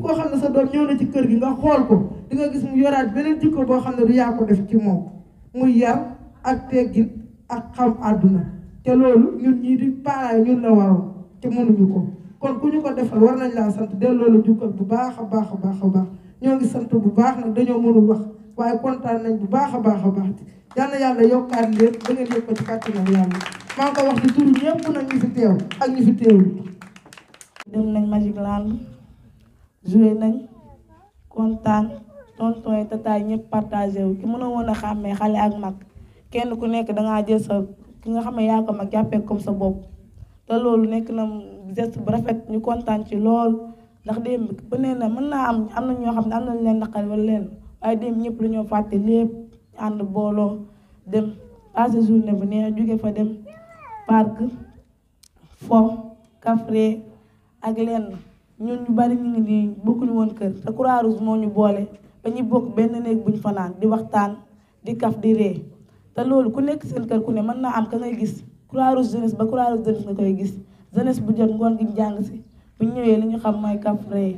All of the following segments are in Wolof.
képp koo xam ne sa doom ñëw na ci kër gi nga xool ko di nga gis mu yoraat beneen jikko boo xam ne du yaa ko def ci moom muy yar ak teggin ak xam àdduna te loolu ñun ñii di paaraay ñu la waroon te mënuñu ko kon ku ñu ko defal war nañ laa sant delloo la jukkal bu baax a baax a baax a baax ñoo ngi sant bu baax nag dañoo mënul wax waaye kontaan nañ bu baax a baax a baax yal na yàlla yokkaat leen da ngeen yokk ko ci kàttanam yàlla maa ngi wax ci turu ñëpp nag ñu fi teew ak ñu fi teewul dem nañ Magic Land joué nañ kontaan tonton yi tataay ñëpp partagé wu ki mën a woon a xàmmee xale ak mag kenn ku nekk dangaa jël sa ki nga xam ne yaa ko mag jàppee comme sa bopp te loolu nekk na geste bu rafet ñu kontaan ci loolu ndax démb bu nee na mën naa am am na ñoo xam ne am nañ leen naqari wala leen waaye démb ñëpp dañoo fàtte lépp ànd booloo dem passé journée bu neex jóge fa dem parc fo kafre ak leen ñu ñu bari ñu ngi nii bokkuñu woon kër te croix moo ñu boole ba ñu bokk benn néeg bu ñu fanaan di waxtaan di kaf di ree te loolu ku nekk seen kër ku ne mën naa am ka ngay gis Croix-Rouge jeunesse ba Croix-Rouge jeunesse nga koy gis jeunesse bu jot ngoon gi jàng si bu ñu ñëwee li ñu xam mooy kaf ree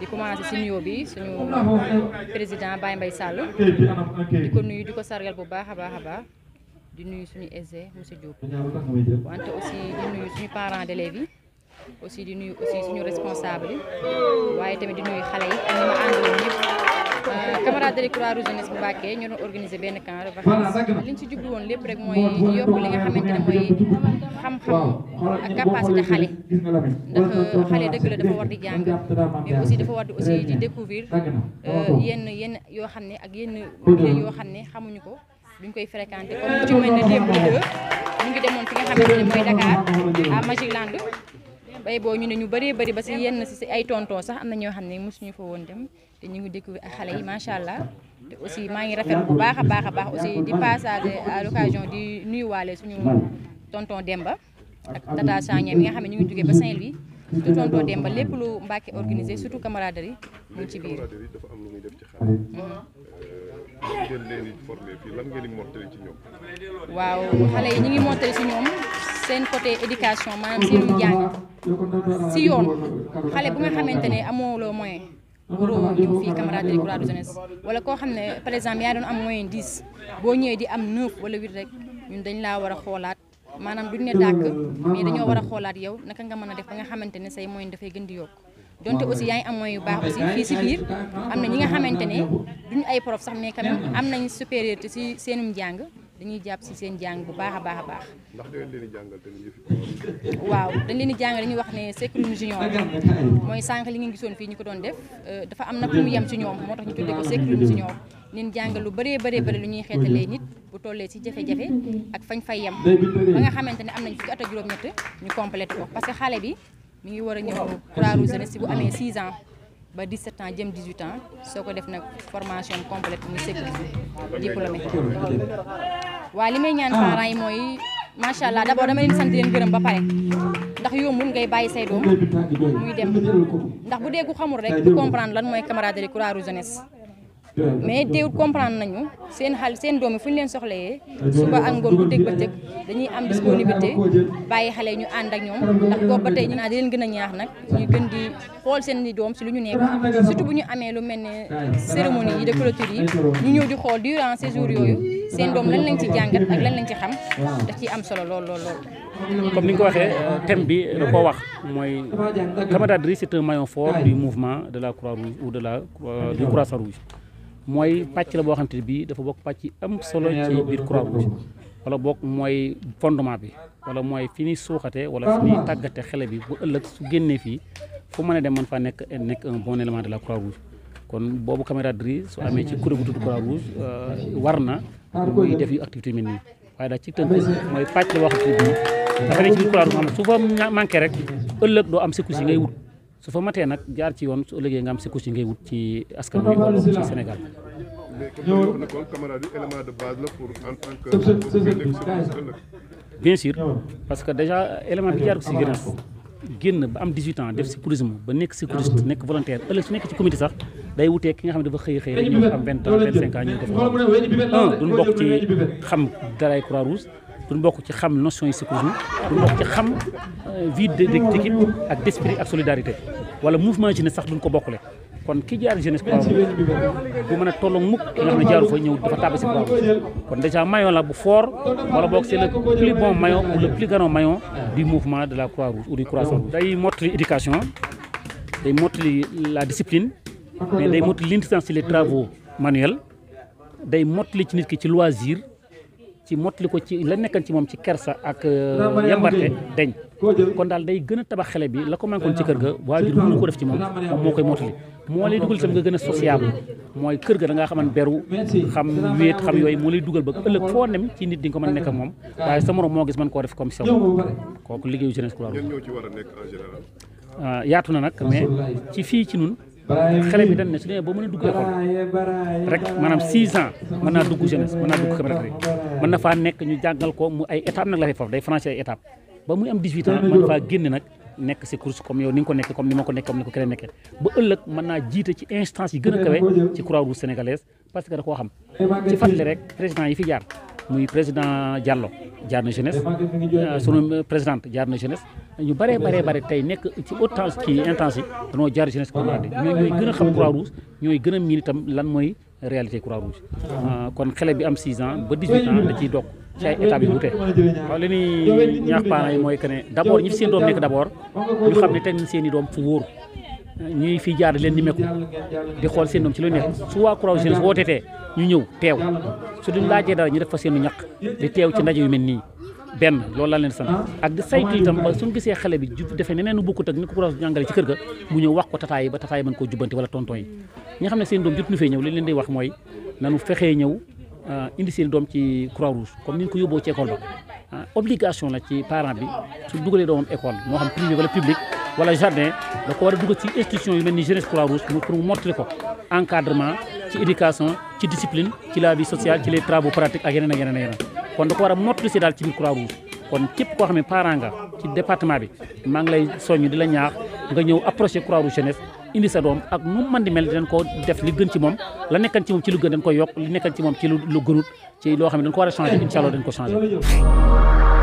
di commencé si nuyoo bi suñu président Baye Mbaye Sall di ko nuyu di ko sargal bu baax a baax a baax di nuyu suñu EG monsieur Diop wante aussi di nuyu suñu parents d'élèves yi aussi di nuyu aussi suñu responsable waaye tamit di nuyu xale yi ak ñi ma àndaloon ñëpp euh, camarade de la croix bu Mbacké ñoo doon benn camp de li liñ ci jublu woon lépp rek mooy yokk li nga xamante ne mooy xam-xam ak capacité xale di jàng mais aussi dafa war yenn yoo xam ne ak yenn yoo xam ne xamuñu ko duñ koy fréquenter comme ci mel ne démb deux ñu ngi demoon fi nga xamante ne mooy Dakar à Magic bay boo ñu ne ñu bëree bëri ba si yenn si ay tonton sax am na ñoo xam ne mosuñu fa woon dem te ñu ngi découvrir ak xale yi macha allah te aussi maa ngi rafet bu baax a baax a baax aussi di passage à l'occasion di nuyuwaale suñu tonton Demba ak tata Sagna mi nga xam ne ñu ngi jógee ba Saint-Louis surtout tonton Demba lépp lu Mbacke organisé surtout camaraderie mu ci biir. camaraderie dafa am lu muy def ci xale. Mhm. Euh, ngeen leen di formé fii lan ngeen di mottali ci ñoom. waaw xale yi ñu ngi mottali ci ñoom seen côté éducation maanaam seen jàng. si yoon xale bu nga xamante ne amooloo moyen waroo woon ñëw fii camaraderie Croix de jeunesse wala koo xam ne par exemple yaa doon am moyen 10 boo ñëwee di am 9 wala 8 rek ñun dañ laa war a xoolaat maanaam duñ ne dàkk mais dañoo war a xoolaat yow naka nga mën a def ba nga xamante ne say moyen dafay gën di yokk donte aussi yaa am moyen yu baax aussi fii si biir am na ñi nga xamante ne duñ ay prof sax mais quand am nañ supériorité si seenum njàng dañuy jàpp si seen jàng bu baax a baax a baax. ndax da ngeen waaw dañ leen di jàngal dañuy wax ne Seckloum junior mooy sànq li nga gisoon fii ñu ko doon def euh, dafa am na lu mu yem si ñoom moo tax ñu tuddee ko Seckloum junior neen jàngal lu bëree bare bëri lu ñuy xeetalee nit bu tollee ci jafe-jafe ak fañ fay yem ba nga xamante ne am nañ fukki at ak juróom-ñett ñu complété ko parce que xale bi mu ngi war a ñëw Croix-Rouge jeunesse bu amee 6 ans ba 17 ans jëm 18 ans soo ko def nag formation complète muy sécurité diplômé waaye li may ñaan ah. parents yi mooy macha allah d'abord dama leen sant leen gërëm ba pare ndax yombul ngay bàyyi say doom muy dem ndax bu dee ku xamul rek du comprendre lan mooy camaraderie Croix-Rouge jeunesse mais teewut comprendre nañu seen xal seen doom yi fu ñu leen soxlayee suba ak ngoon bu dégg ba teg dañuy am disponibilité bàyyi xale ñu ànd ak ñoom ndax boobu ba tey ñu naa di leen gën a ñaax nag ñuy gën di xool seen i doom si lu ñu nekk surtout bu ñu amee lu mel ne cérémonie yi de ñu xool durant ces yooyu seen doom lan lañ ci jàngat ak lan lañ ci xam da ciy am solo lool lool lool. comme ni ko waxee euh, thème bi da koo wax mooy camaraderie c'est un maillon fort du mouvement de la Croix-Rouge ou de la euh, du croissant mooy pàcc la boo xam te ne bii dafa bokk pàcc am solo wala bokk mooy fondement bi wala mooy fi ñuy suuxate wala fi xele bi bu ëllëg su génnee fii foo mën a dem mën faa nekk nekk un bon élément de la Croix-Rouge kon boobu camaraderie su amee ci kuréel gu tudd Croix-Rouge euh, war na muy def yu activité mel nii waaye daal ci tënk mooy pàcc la waxtu bi dafa ne ci biir su fa rek ëllëg doo am secours yi su fa matee nag jaar ci yoon su ëllëgee nga am secours yi ngay wut ci askan wi wala ci Sénégal. bien sûr parce que déjà élément bi jaar ko si gënal génn ba am 18 ans def secourisme ba nekk secouriste nekk volontaire ëllëg su nekk ci comité sax. day wutee ki nga xam ne dafa xëy xëy rek ñu am bokk ci xam daray croix rouge duñ bokk ci xam notion yi secourisme duñ bokk ci xam euh, vie d'équipe ak d'esprit ak solidarité wala mouvement jeunesse sax duñ ko bokkule kon ki jaar jeunesse croix rouge bu mën a tolloo mukk ki nga xam ne jaaru fa ñëw dafa tàbbi si croix kon déjà mayo la bu fort wala boog c'est le plus bon maillon ou plus grand maillon du mouvement de la croix rouge ou du croissant day mottali éducation day mottali mais day mottali l'intelligence ci les travaux manuels day li ci nit ki ci loisir ci mottali ko ci la nekkan ci moom ci kersa ak yambarte euh, dañ kon daal day gën a tabax xale bi la ko mankoon ci kër ga waajur mënu ko def ci moom moom moo koy mottali moo lay dugal gën a sociable mooy kër ga da ngaa xaman beru xam wéet xam yooyu moo lay dugal ba ëllëg foo nem ci nit di nga ko mën nekk moom waaye sa morom moo gis mën koo def comme sew kooku liggéeyu jeunesse Croix-Rouge euh, yaatu na nag mais ci fii ci nun xale bi dañ ne su ñu ba mën a dugg école rek maanaam 6 ans mën naa dugg jeunesse mën naa dugg camaraderie mën na faa nekk ñu jàngal ko mu ay étape nag la fay foofu day franchir ay étape ba muy am 18 ans mën faa génn nag nekk si course comme yow ni nga ko nekkee comme ni ma ko nekkee ni ko keneen nekkee ba ëllëg mën naa jiite ci instance yi gën a kawe ci Croix-Rouge sénégalaise parce que da koo xam ci fàttali rek président yi fi jaar muy président Diallo Diarna jeunesse euh, sunu présidente Diarna jeunesse ñu bëree baree bare tey nekk ci autant kii intense yi danoo jaar jeunesse Cambérène ñoo ñooy gën a xam croix rouge ñooy gën a miin lan mooy réalité croix rouge euh, kon xale bi am 6 ans ba 18 ans da ciy dokk ci ay étapes yu wute waaw li ñaax parents yi mooy que ne d' abord ñi fi seen doom nekk d' abord ñu xam ne teg nañ seen i doom fu wóor ñuy fi jaar leen nimeku di xool seen doom ci lu nekk su waa Croix Rouge woote tee ñu ñëw teew su duñ laajee dara ñu def fa seenu ñaq di teew ci ndaje yu mel nii benn loolu laa leen sant ak di saytu itam ba suñu gisee xale bi ju defee neneen nu bokkut ak ni ko Croix Rouge jàngale ci kër ga mu ñëw wax ko tataay yi ba tataay mën koo jubbanti wala tonton yi ñi nga xam ne seen doom jot ñu fee ñëw li leen di wax mooy nanu fexee ñëw ah, indi ci Croix Rouge comme ni ñu ko yóbboo ci école ba ah, obligation la ci parent bi su dugalee doomam école moo wala jardin da ko war a dugal ci institution yu mel ni jeunesse croix rouge pour mu mottali ko encadrement ci éducation ci discipline ci la vie sociale ci les travaux pratiques ak yeneen ak yeneen ak yeneen kon da ko war a mottali si ci biir croix kon képp koo xam ne parent nga ci département bi maa ngi lay soññ di la ñaax nga ñëw approché croix rouge jeunesse indi doom ak nu man di mel dinañ ko def li gën ci moom la nekkan ci moom ci lu gën dañ koy yokk li nekkan moom ci lu gënut ci loo xam ne dañ ko war a